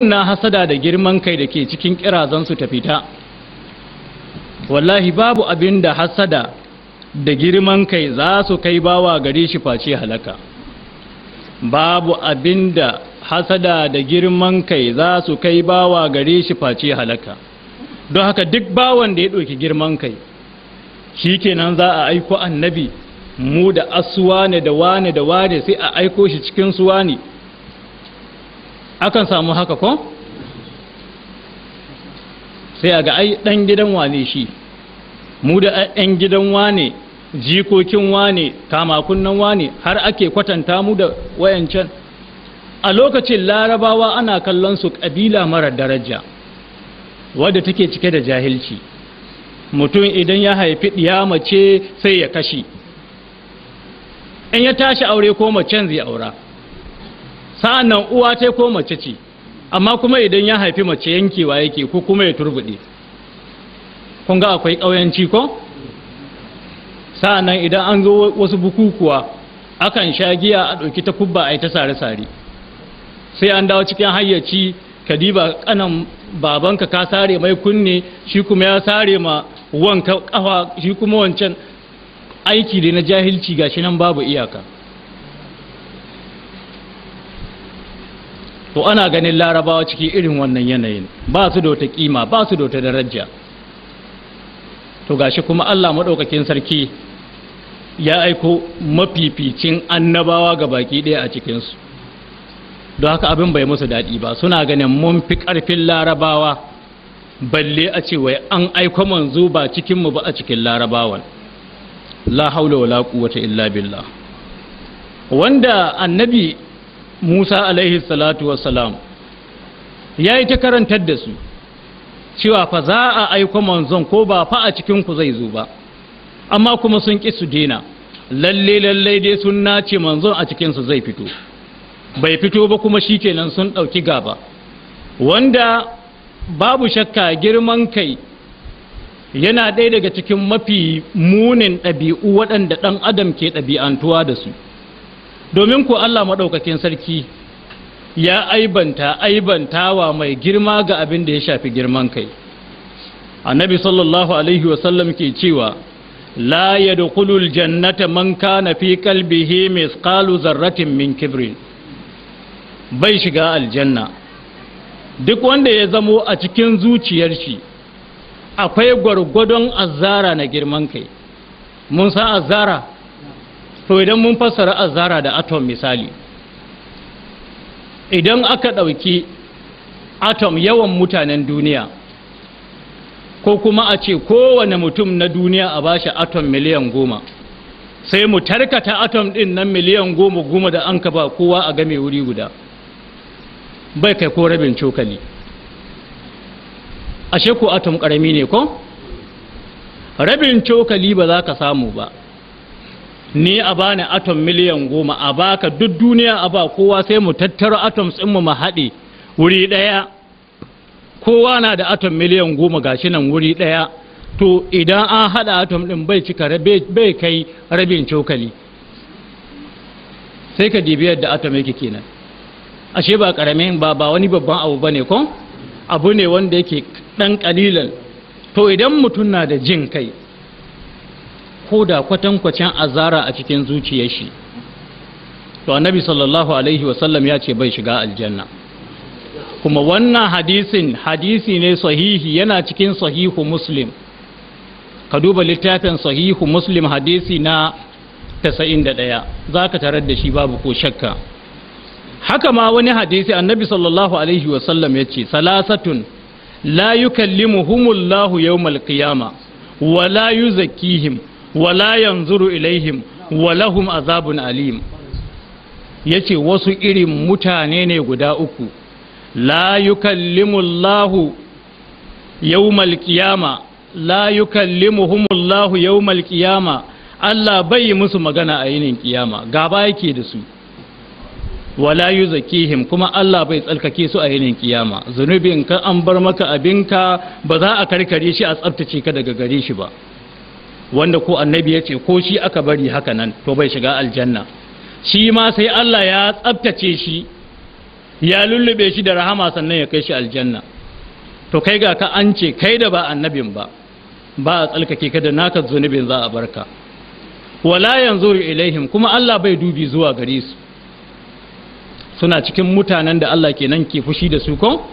na hasada da girman kai da ke cikin kirazansu ta fita wallahi babu abin da hasada da girman kai za su kai bawa gare shi face halaka babu abin da hasada da girman kai za su kai bawa gare shi face halaka don haka duk bawan da ya ɗauki girman kai shi kenan za a aiko annabi mu da asuwa ne da wane da wane sai a aiko shi cikin suwa akan samu haka ko sai a ga ai ɗan gidan wane shi mu da ɗan gidan wane jikokin wane kamakunan wane har ake kwatanta mu da wayancan a lokacin larabawa ana kallon su ƙabila mara daraja wadda take cike da jahilci mutum idan ya haifi ɗiya mace sai ya kashe in ya tashi aure ko macen zai aura sa'an nan uwa ce ko mace ce amma kuma idan ya haifi mace yankewa yake ko kuma ya turbuɗe kun ga akwai ƙauyanci ko sa'an nan idan an zo wasu bukukuwa akan sha giya a ɗauki ta kubba a yi ta sare-sare sai an dawo cikin hayyaci kadiba kanan babanka ka sare mai kunne shi kuma ya sare ma wanka kafa shi kuma wancan aiki da na jahilci gashi nan babu iyaka to ana ganin larabawa ciki irin wannan yanayin ba su da wata kima ba su da wata daraja to gashi kuma Allah maɗaukakin sarki ya aiko mafificin annabawa ga baki ɗaya a cikinsu don haka abin bai musu daɗi ba suna ganin mun fi karfin larabawa balle a ce wai an aiko manzo ba cikinmu ba a cikin larabawan la haula wala quwwata illa billah wanda annabi musa alaihi salatu salam ya yi ta karantar da su cewa fa za a aiko manzon ko ba fa a cikinku zai zo ba amma kuma sun ƙi su dena lalle lalle dai sun nace manzon a cikinsu zai fito bai fito ba kuma shi kenan sun ɗauki gaba wanda babu shakka girman kai yana ɗaya daga cikin mafi munin ɗabi'u waɗanda ɗan adam ke ɗabi'antuwa da su domin ku Allah maɗaukakin sarki ya aibanta aibantawa mai girma ga abin da ya shafi girman kai annabi sallallahu alaihi wasallam ke cewa la dukulul jannata man kana fi qalbihi mithqalu zarratin min kibrin bai shiga aljanna duk wanda ya zamo a cikin zuciyar shi akwai gwargwadon azzara na girman kai mun san azzara to idan mun fassara azara da atom misali idan aka ɗauki atom yawan mutanen duniya ko kuma a ce kowane mutum na duniya a bashi atom miliyan goma sai mu tarkata atom ɗin nan miliyan goma goma da an ka ba kowa a game wuri guda bai kai ko rabin cokali ashe ko atom ƙarami ne ko rabin cokali ba za ka samu ba ni a bani atom miliyan goma a baka duk duniya a ba kowa sai mu tattara atoms ɗin mu haɗe wuri ɗaya kowa na da atom miliyan goma gashi nan wuri ɗaya to idan an haɗa atom ɗin bai cika bai kai rabin cokali sai ka dibi yadda atom yake kenan ashe ba ƙaramin ba ba wani babban abu ba ne kon abu ne wanda yake ɗan ƙalilan to idan mutum na da jin kai ko da kwatankwacin azara a cikin zuciyar shi to annabi sallallahu alaihi wasallam ya ce bai shiga aljanna kuma wannan hadisin hadisi ne sahihi yana cikin sahihu muslim ka duba littafin sahihu muslim hadisi na 91 za ka tarar da shi babu ko shakka haka ma wani hadisi annabi sallallahu alaihi wasallam ya ce salasatun la yukallimuhumullahu yawmal qiyama wa la yuzakkihim wala yanzuru ilaihim walahum azabun alim yace wasu irin mutane ne guda uku la yukallimullahu yawmal qiyama la yukallimuhumullahu yawmal qiyama Allah bai yi musu magana a yinin kiyama gaba yake da su wala yuzakihim kuma Allah bai tsalkake su a yinin kiyama zunubin ka an bar maka abinka ba za a karkare shi a tsaftace ka daga gare shi ba wanda ko annabi ya ce ko shi aka bari haka nan to bai shiga aljanna shi ma sai Allah ya tsabtace shi ya lullube shi da rahama sannan ya kai shi aljanna to kai ga ka an ce kai da ba annabin ba ba a tsalkake ka da naka zunubin za a barka wala yanzu ilaihim kuma Allah bai dubi zuwa gare su suna cikin mutanen da Allah kenan ke fushi da su ko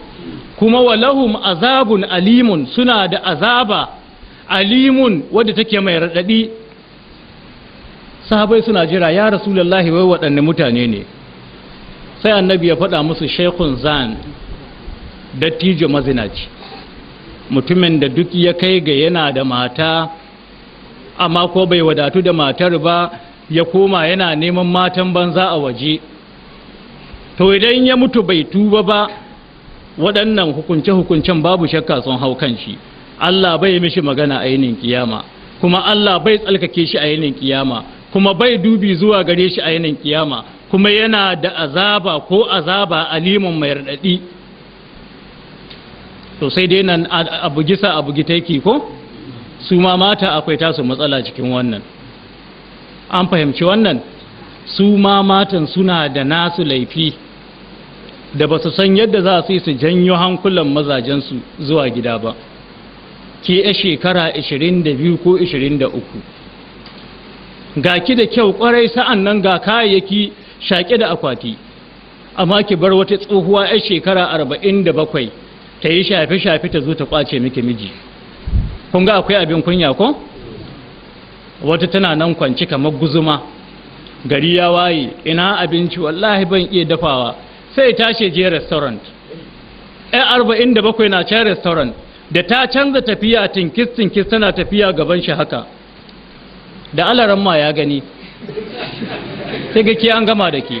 kuma walahum azabun alimun suna da azaba alimun wadda take mai raɗaɗi sahabai suna jira ya rasulullahi wai waɗanne mutane ne sai annabi ya faɗa musu shekun zan dattijo mazinaci mutumin da duk ya kai ga yana da mata amma ko bai wadatu da matar ba ya koma yana neman matan banza a waje to idan ya mutu bai tuba ba waɗannan hukunce-hukuncen babu shakka sun hau kan shi Allah bai yi mishi magana a yinin kiyama kuma Allah bai tsalkake shi a yinin kiyama kuma bai dubi zuwa gare shi a yinin kiyama kuma yana da azaba ko azaba aliman mai raɗaɗi to sai dai nan abu gisa abu gitaiki ko su ma mata akwai tasu matsala cikin wannan an fahimci wannan su ma matan suna da nasu laifi da ba su san yadda za su yi su janyo hankulan mazajensu zuwa gida ba Ki a shekara 22 ko 23 ga ki da kyau kwarai sa'an nan ga kayayyaki shaƙe da akwati amma ki bar wata tsohuwa a shekara 47 ta yi shafe-shafe ta zo ta kwace miki miji kun ga akwai abin kunya ko wata tana nan kwanci kamar guzuma gari ya waye ina abinci wallahi ban iya dafawa sai tashi je restaurant da bakwai na can restaurant da ta canza tafiya tinkis tinkis tana tafiya gaban shi haka da alaran ma ya gani sai ga ke an gama da ke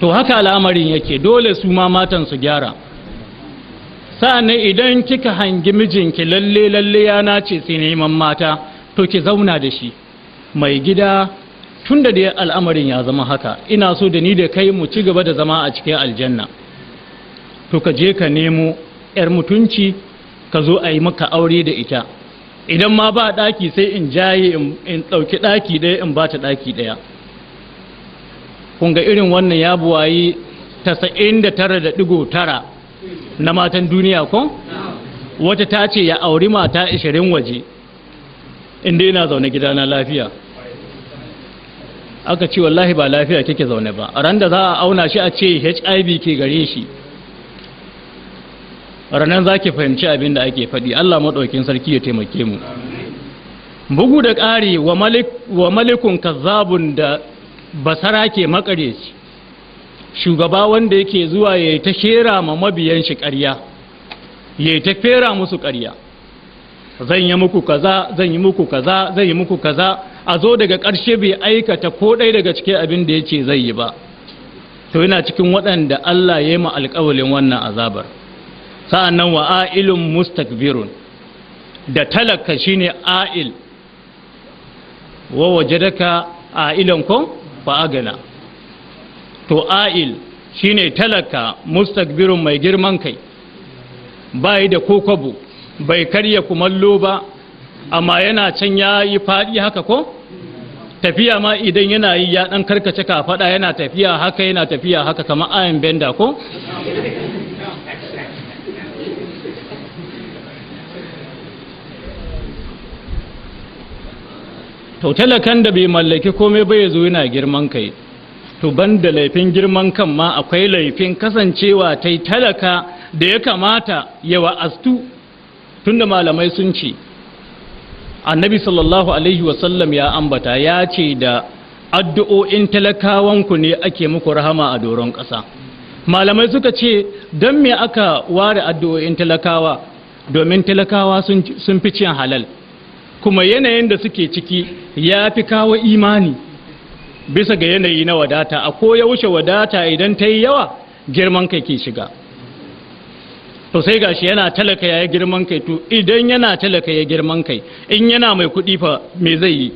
to haka al'amarin yake dole su ma matan su gyara sa'annan idan kika hangi mijinki lalle lalle ya nace sai neman mata to ki zauna da shi mai gida tun da al'amarin ya zama haka ina so da ni da kai mu ci gaba da zama a cikin aljanna to ka je ka nemo 'yar mutunci ka zo a yi maka aure da ita idan ma ba ɗaki sai in jaye in ɗauki ɗaki ɗaya in ba ta ɗaki ɗaya ga irin wannan ya buwayi 99.9 na matan duniya kun wata ta ce ya auri mata 20 waje inda ina zaune gidana lafiya aka ce wallahi ba lafiya kike zaune ba ran da za a auna shi a ce hiv ke gare shi ranar za ki fahimci abin da ake faɗi allah maɗaukin sarki ya taimake mu bugu da ƙari wa malikun kazzabun da basara ke makare shugaba wanda yake zuwa ya ta shera ma mabiyan shi ƙarya ya ta fera musu ƙarya zan yi muku kaza zan yi muku kaza zan yi muku kaza a zo daga ƙarshe bai aikata ko ɗaya daga cikin abin da ya ce zai yi ba to yana cikin waɗanda Allah ya yi ma alƙawalin wannan azabar sa'an nan wa a'ilun mustakbirun da talaka shine a'il wa wajadaka a'ilan ko fa agana to a'il shine talaka mustakbirun mai girman kai bai da kokobo bai karya kumallo ba amma yana can ya yi faɗi haka ko tafiya ma idan yana yi ya ɗan karkace kafaɗa yana tafiya haka yana tafiya haka kamar ayan benda ko to talakan da bai mallaki komai bai zo yana girman kai to banda laifin girman kan ma akwai laifin kasancewa ta talaka da ya kamata ya wa'astu tunda malamai sun ce annabi sallallahu alaihi wasallam ya ambata ya ce da addu'o'in talakawanku ne ake muku rahama a doron ƙasa malamai suka ce don me aka ware addu'o'in talakawa domin talakawa sun fi cin halal kuma yanayin da suke ciki ya fi kawo imani bisa ga yanayi na wadata a ko yaushe wadata idan ta yi yawa girman kai ke shiga to sai gashi yana talaka ya girman kai to idan yana talaka ya girman kai in yana mai kuɗi fa me zai yi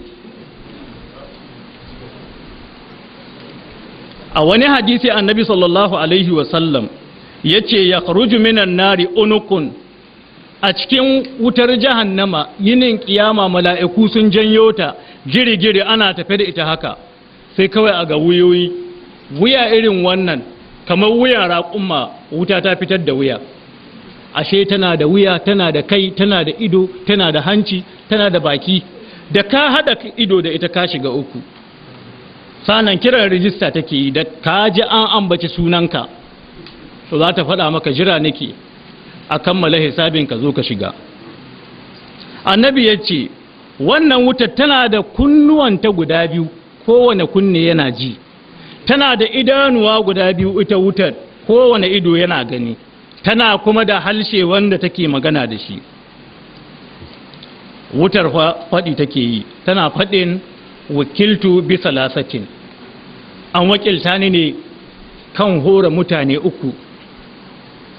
a wani hadisi annabi sallallahu alaihi wasallam ya ce ya minan nari unukun a cikin wutar jahannama yinin kiyama mala'iku sun janyo ta girigiri ana tafe da ita haka sai kawai a ga wuyoyi wuya irin wannan kamar wuyan raƙumma wuta ta fitar da wuya ashe tana da wuya tana da kai tana da ido tana da hanci tana da baki da ka haɗa ido da ita ka shiga uku sanan kiran rijista take yi da ka ji an ambaci sunanka to za ta faɗa maka jira nake a kammala hisabin ka zo ka shiga annabi ya ce wannan wutar tana da kunnuwanta guda biyu kowane kunne yana ji tana da idanuwa guda biyu ita wutar kowane ido yana gani tana kuma da halshe wanda take magana da shi wutar faɗi take yi tana faɗin wakiltu bisa lasatin an wakilta ni ne kan hora mutane uku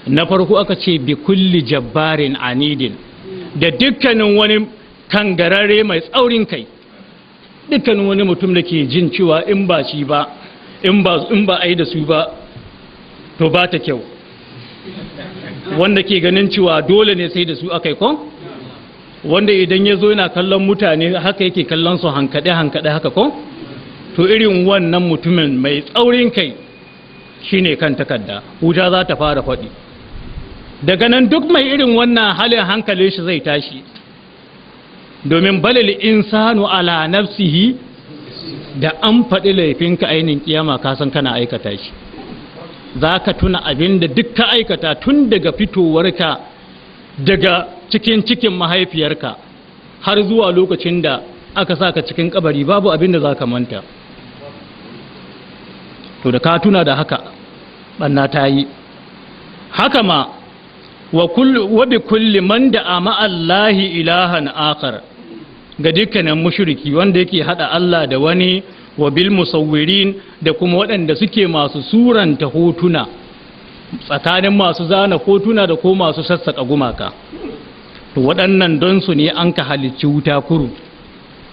na farko aka ce bi kulli jabbarin anidin da dukkanin wani kangarare mai tsaurin kai dukkanin wani mutum da ke jin cewa in ba shi ba in ba a yi da su ba to ba ta kyau wanda ke ganin cewa dole ne sai da su aka ko wanda idan ya zo yana kallon mutane haka yake kallon su hankaɗe hankaɗe haka ko to irin wannan mutumin mai tsaurin kai shine kan takarda wuta za ta fara faɗi daga nan duk mai irin wannan halin hankalin shi zai tashi domin balil insanu ala nafsihi da an faɗi laifinka ainihin kiyama kasan kana aikata shi za ka tuna abin da duk ka aikata tun daga fitowarka daga cikin cikin mahaifiyarka har zuwa lokacin da aka sa ka cikin kabari babu abin da za ka manta to da ka tuna da haka banna ta yi haka ma wa bi kulli man da ma'allahi ilahan akar ga dukkanin mushriki wanda yake hada Allah da wani wa bil musawwirin da kuma waɗanda suke masu suranta hotuna tsakanin masu zana hotuna da ko masu sassaka gumaka to waɗannan don su ne an ka halicci wuta kuru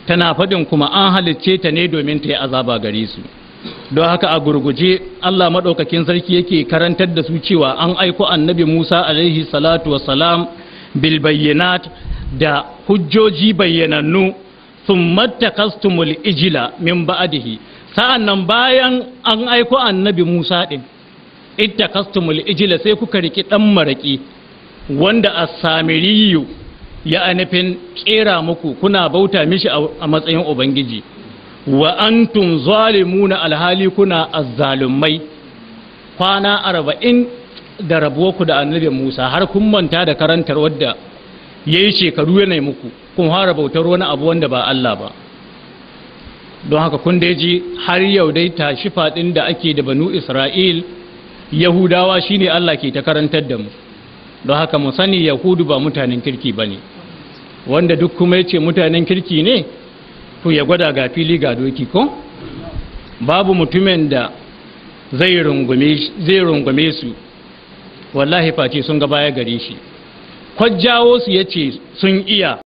tana faɗin kuma an halicce ta ne domin ta yi azaba gare su don haka a gurguje Allah maɗaukakin sarki yake karantar da su cewa an aiko annabi Musa alaihi salatu wassalam bil bayyinat da hujjoji bayyanannu summa takastumul ijila min sa'an sa'annan bayan an aiko annabi Musa din kastumul ijila sai kuka riki ɗan maraki wanda a samiriyu ya anifin kera muku kuna bauta mishi a matsayin ubangiji wa antum zalimuna alhali kuna azzalumai kwana arba'in da rabuwarku da annabi Musa har kun manta da karantar wadda yayi shekaru yana muku kun fara bautar wani abu wanda ba Allah ba don haka kun da ji har yau dai tashi faɗin da ake da banu isra'il yahudawa shine Allah ke ta karantar da mu don haka mu sani yahudu ba mutanen kirki ba ne wanda duk kuma ya ce mutanen kirki ne to ya gwada ga fili ga doki ko babu mutumin da zai rungume su wallahi face sun ga baya gare shi kwajjawo su ya ce sun iya